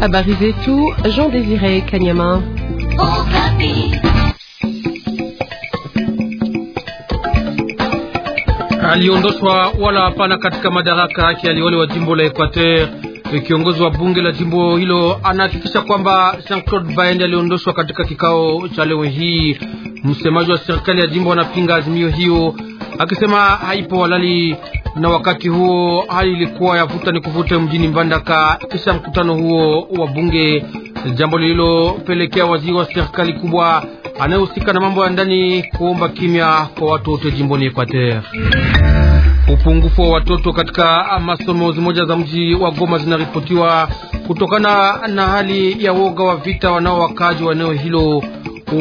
Habari zetu Jean Désiré Kanyama. Aliondoshwa wala hapana katika madaraka yake aliwali wa jimbo la Equateur. Kiongozi wa bunge la jimbo hilo anahakikisha kwamba Jean-Claude Baende aliondoshwa katika kikao cha leo hii. Msemaji wa serikali ya jimbo anapinga azimio hiyo akisema haipo halali na wakati huo hali ilikuwa yavuta ni kuvute mjini Mbandaka kisha mkutano huo wa bunge, jambo lililopelekea waziri wa serikali kubwa anayehusika na mambo ya ndani kuomba kimya kwa watu wote jimboni Ekwater. Upungufu wa watoto katika masomo zimoja za mji wa Goma zinaripotiwa kutokana na hali ya woga wa vita wanao wakaji wa eneo hilo.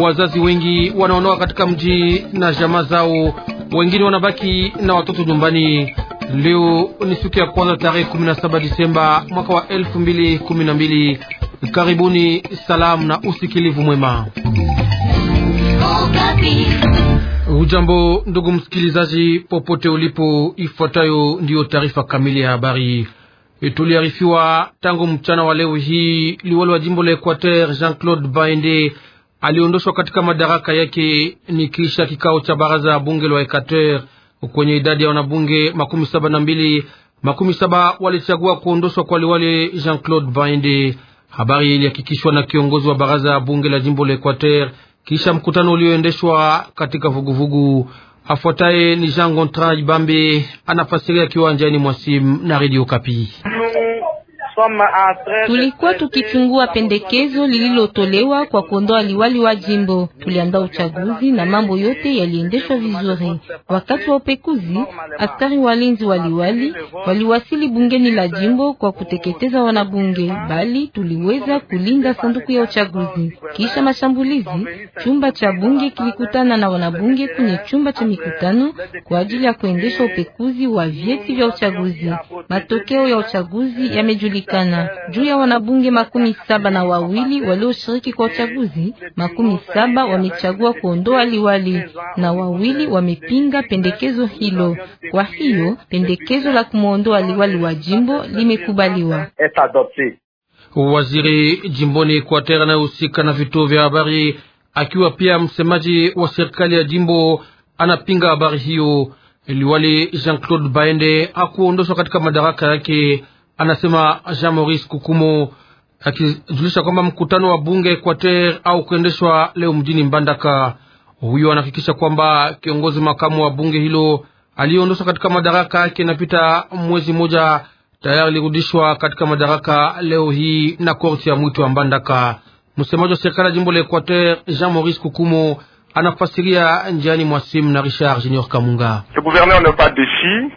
Wazazi wengi wanaondoka katika mji na jamaa zao, wengine wanabaki na watoto nyumbani. Leo ni siku ya kwanza tarehe 17 Disemba mwaka wa 2012. Karibuni, salamu na usikilivu mwema. Ujambo ndugu msikilizaji, popote ulipo, ifuatayo ndiyo taarifa kamili ya habari. Tuliarifiwa tangu mchana wa leo hii, liwali wa jimbo la Equateur Jean-Claude Baende aliondoshwa katika madaraka yake ni kisha kikao cha baraza ya bunge la Equateur kwenye idadi ya wanabunge makumi saba na mbili makumi saba walichagua kuondoshwa kwa liwali Jean Claude Vainde. Habari ilihakikishwa na kiongozi wa baraza ya bunge la jimbo la Equateur kisha mkutano ulioendeshwa katika vuguvugu. Afuataye ni Jean Gontran Ibambe anafasiria kiwanjani mwa na Radio Kapi. Tulikuwa tukichungua pendekezo lililotolewa kwa kuondoa liwali wa jimbo. Tuliandaa uchaguzi na mambo yote yaliendeshwa vizuri. Wakati wa upekuzi, askari walinzi wa liwali waliwasili bungeni la jimbo kwa kuteketeza wanabunge, bali tuliweza kulinda sanduku ya uchaguzi. Kisha mashambulizi, chumba cha bunge kilikutana na wanabunge kwenye chumba cha mikutano kwa ajili ya kuendesha upekuzi wa vyeti vya uchaguzi. Matokeo ya uchaguzi yamejulikana kupatikana juu ya wanabunge makumi saba na wawili walioshiriki kwa uchaguzi. Makumi saba wamechagua kuondoa liwali na wawili wamepinga pendekezo hilo. Kwa hiyo pendekezo la kumwondoa liwali wa jimbo limekubaliwa. Waziri jimboni na anayehusika na vituo vya habari akiwa pia msemaji wa serikali ya jimbo anapinga habari hiyo. Liwali Jean-Claude Baende hakuondoshwa katika madaraka yake anasema Jean Maurice Kukumo akijulisha kwamba mkutano wa bunge Equateur au kuendeshwa leo mjini Mbandaka. Huyo anahakikisha kwamba kiongozi makamu wa bunge hilo aliyeondoshwa katika madaraka yake inapita mwezi mmoja tayari lirudishwa katika madaraka leo hii na korti ya mwito wa Mbandaka. Msemaji wa serikali ya jimbo la Equateur Jean Maurice Kukumo anafasiria njiani mwa simu na Richard Junior Kamunga.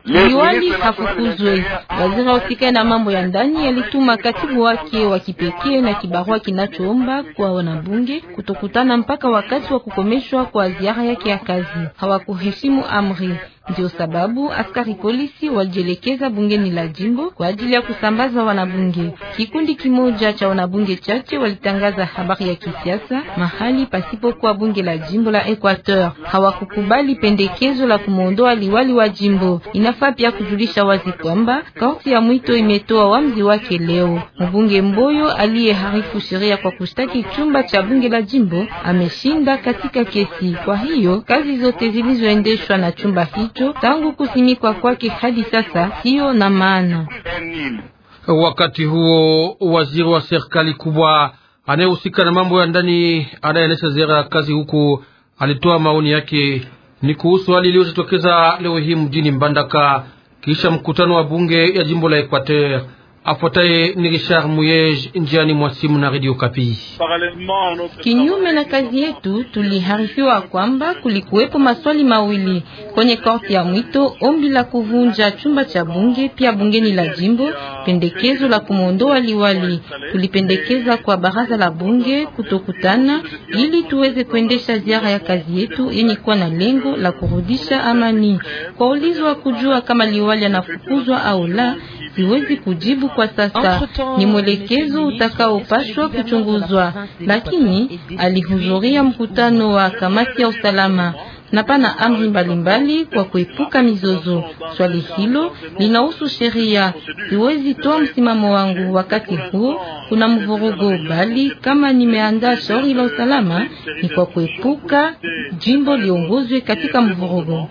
Liwali hafukuzwe, waziri husika na mambo ya ndani alituma katibu wake wa kipekee na kibarua kinachoomba kwa wanabunge kutokutana mpaka wakati wa kukomeshwa kwa ziara yake ya kazi. Hawakuheshimu amri ndio sababu askari polisi walijielekeza bungeni la jimbo kwa ajili ya kusambaza wanabunge. Kikundi kimoja cha wanabunge chache walitangaza habari ya kisiasa mahali pasipokuwa bunge la jimbo la Equateur. Hawakukubali pendekezo la kumwondoa liwali wa jimbo. Inafaa pia kujulisha wazi kwamba korti ya mwito imetoa wamzi wake leo. Mbunge Mboyo aliyeharifu sheria kwa kushtaki chumba cha bunge la jimbo ameshinda katika kesi. Kwa hiyo kazi zote zilizoendeshwa na chumba hiki moto tangu kusimikwa kwake hadi sasa siyo na maana. Wakati huo waziri wa serikali kubwa anayehusika na mambo ya ndani anayeendesha ziara ya kazi huku alitoa maoni yake ni kuhusu hali iliyojitokeza leo hii mjini Mbandaka kisha mkutano wa bunge ya jimbo la Equateur. Afuataye ni Richard Muyej njiani mwa simu na Radio Kapi. Kinyume na kazi yetu, tuliharifiwa kwamba kulikuwepo maswali mawili kwenye korti ya mwito, ombi la kuvunja chumba cha bunge pia bungeni la jimbo pendekezo la kumwondoa liwali. Tulipendekeza kwa baraza la bunge kutokutana ili tuweze kuendesha ziara ya kazi yetu yenye kuwa na lengo la kurudisha amani. Kwa ulizo wa kujua kama liwali anafukuzwa au la, siwezi kujibu kwa sasa. Ni mwelekezo utakaopashwa kuchunguzwa, lakini alihudhuria mkutano wa kamati ya usalama na pana amri mbalimbali kwa kuepuka mizozo. Swali hilo linahusu sheria, siwezi toa msimamo wangu wakati huu kuna mvurugo, bali kama nimeandaa shauri la usalama ni kwa kuepuka jimbo liongozwe katika mvurugo.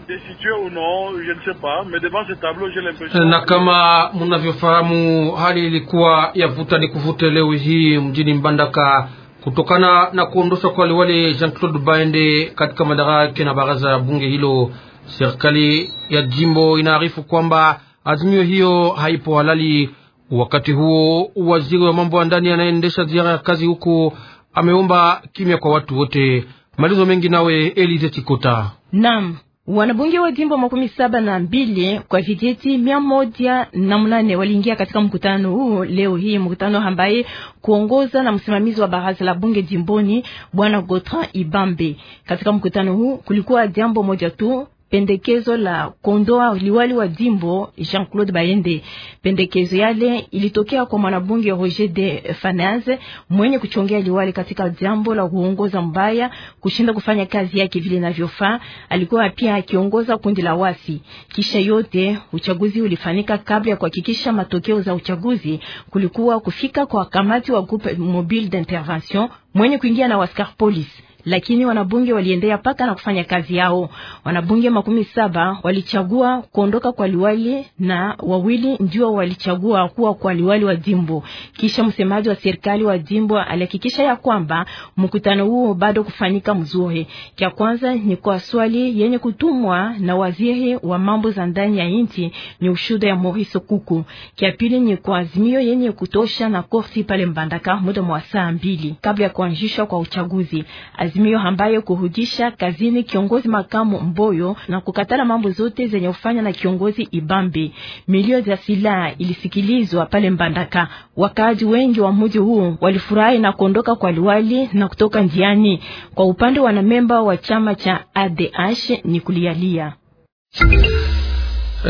Na kama mnavyofahamu, hali ilikuwa yavuta ni kuvute leo hii mjini Mbandaka kutokana na kuondoshwa kwa liwali Jean Claude Baende katika madaraka yake na baraza ya bunge hilo. Serikali ya jimbo inaarifu kwamba azimio hiyo haipo halali. Wakati huo, waziri wa mambo ya ndani anaendesha ziara ya kazi huko, ameomba kimya kwa watu wote. Malizo mengi nawe Elize Chikota. Naam. Wanabunge wa jimbo makumi saba na mbili kwa vijiji mia moja na mnane waliingia katika mkutano huu leo hii, mkutano ambaye kuongoza na msimamizi wa baraza la bunge jimboni Bwana Gotran Ibambe. Katika mkutano huu kulikuwa jambo moja tu pendekezo la kondoa liwali wa jimbo Jean-Claude Bayende. Pendekezo yale ilitokea kwa mwanabunge Roger de Fanaze mwenye kuchongea liwali katika jambo la kuongoza mbaya, kushinda kufanya kazi yake vile inavyofaa. Alikuwa pia akiongoza kundi la wasi. Kisha yote uchaguzi ulifanyika kabla ya kuhakikisha matokeo za uchaguzi, kulikuwa kufika kwa kamati wa groupe mobile d'intervention mwenye kuingia na waskar police lakini wanabunge waliendea paka na kufanya kazi yao. Wanabunge makumi saba walichagua kuondoka kwa liwali na wawili ndio walichagua kuwa kwa liwali wa jimbo. Kisha msemaji wa serikali wa jimbo alihakikisha ya kwamba mkutano huo bado kufanyika mzuri. Cha kwanza ni kwa swali yenye kutumwa na waziri wa mambo za ndani ya nchi ni ushuda ya Maurice Kuku. Cha pili ni kwa azimio yenye kutosha na korti pale Mbandaka muda wa saa mbili kabla ya kuanzishwa kwa uchaguzi azimio ambayo kuhujisha kazini kiongozi makamu Mboyo na kukatala mambo zote zenye kufanya na kiongozi Ibambi. Milio za silaha ilisikilizwa pale Mbandaka. Wakaaji wengi wa mji huu walifurahi na kuondoka kwa liwali na kutoka njiani. Kwa upande wa wanamemba wa chama cha ADH ni kulialia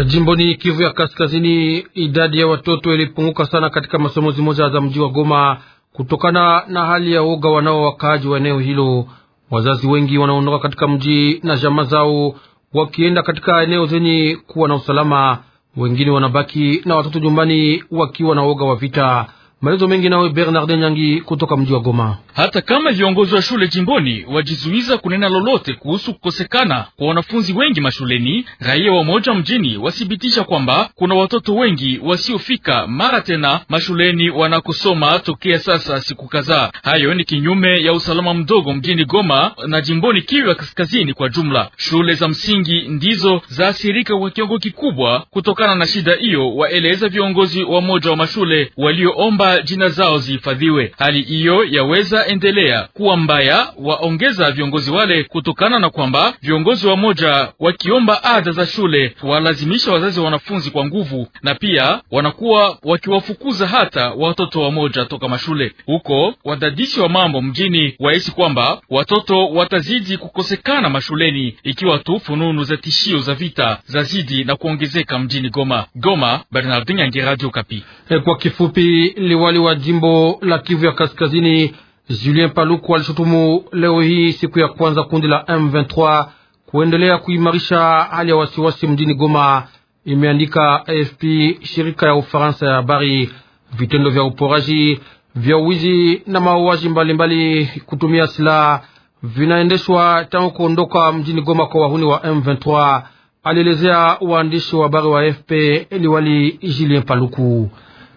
Jimboni Kivu ya Kaskazini, idadi ya watoto ilipunguka sana katika masomo zimoja za mji wa Goma kutokana na hali ya woga wanao wakaaji wa eneo hilo. Wazazi wengi wanaondoka katika mji na jamaa zao wakienda katika eneo zenye kuwa na usalama, wengine wanabaki na watoto nyumbani wakiwa na woga wa vita. Maelezo mengi nawe Bernard Nyangi kutoka mji wa Goma. Hata kama viongozi wa shule jimboni wajizuiza kunena lolote kuhusu kukosekana kwa wanafunzi wengi mashuleni, raia wa moja mjini wasibitisha kwamba kuna watoto wengi wasiofika mara tena mashuleni wanakosoma tokea sasa siku kadhaa. Hayo ni kinyume ya usalama mdogo mjini Goma na jimboni Kivu ya Kaskazini kwa jumla. Shule za msingi ndizo zaathirika kwa kiwango kikubwa kutokana na shida hiyo, waeleza viongozi wa moja wa mashule walioomba jina zao zihifadhiwe. Hali hiyo yaweza endelea kuwa mbaya, waongeza viongozi wale, kutokana na kwamba viongozi wamoja wakiomba ada za shule walazimisha wazazi wa wanafunzi kwa nguvu, na pia wanakuwa wakiwafukuza hata watoto wamoja toka mashule. Huko wadadisi wa mambo mjini waishi kwamba watoto watazidi kukosekana mashuleni ikiwa tu fununu za tishio za vita zazidi na kuongezeka mjini Goma. Goma, Bernardin Yangi, Radio Kapi. Eh, kwa kifupi li liwali wa jimbo la Kivu ya Kaskazini Julien Paluku alishutumu leo hii siku ya kwanza kundi la M23 kuendelea kuimarisha hali ya wasiwasi mjini Goma, imeandika AFP, shirika ya Ufaransa ya habari. Vitendo vya uporaji, vya uwizi na mauaji mbalimbali kutumia silaha vinaendeshwa tangu kuondoka mjini Goma kwa wahuni wa M23, alielezea waandishi wa habari wa AFP liwali Julien Paluku.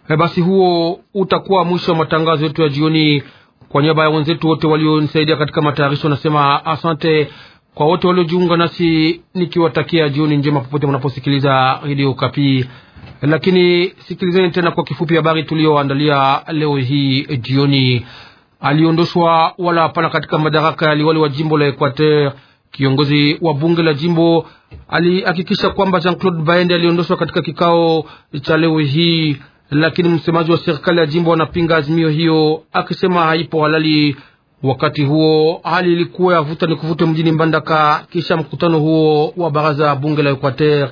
E, Basi huo utakuwa mwisho wa matangazo yetu ya jioni. Kwa niaba ya wenzetu wote walionisaidia katika matayarisho, nasema asante kwa wote waliojiunga nasi, nikiwatakia jioni njema popote mnaposikiliza Radio Kapi. Lakini sikilizeni tena kwa kifupi habari tuliyoandalia leo hii jioni. Aliondoshwa wala hapana katika madaraka ya liwali wa jimbo la Equateur. Kiongozi wa bunge la jimbo alihakikisha kwamba Jean Claude Baende aliondoshwa katika kikao cha leo hii lakini msemaji wa serikali ya jimbo anapinga azimio hiyo akisema haipo halali. Wakati huo hali ilikuwa ya vuta ni kuvute mjini Mbandaka kisha mkutano huo wa baraza la bunge la Equateur,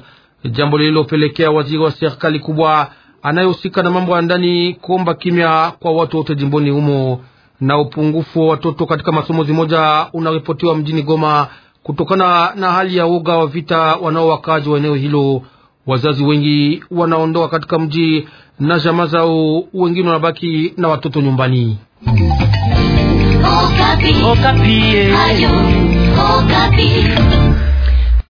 jambo lililopelekea waziri wa serikali kubwa anayehusika na mambo ya ndani kuomba kimya kwa watu wote jimboni humo. Na upungufu wa watoto katika masomo zimoja unaripotiwa mjini Goma kutokana na hali ya uga wa vita wanaowakaaji wa eneo hilo. Wazazi wengi wanaondoka katika mji na jamaa zao, wengine wanabaki na watoto nyumbani. Okapi. Okapi. Eh. Ayo, Okapi.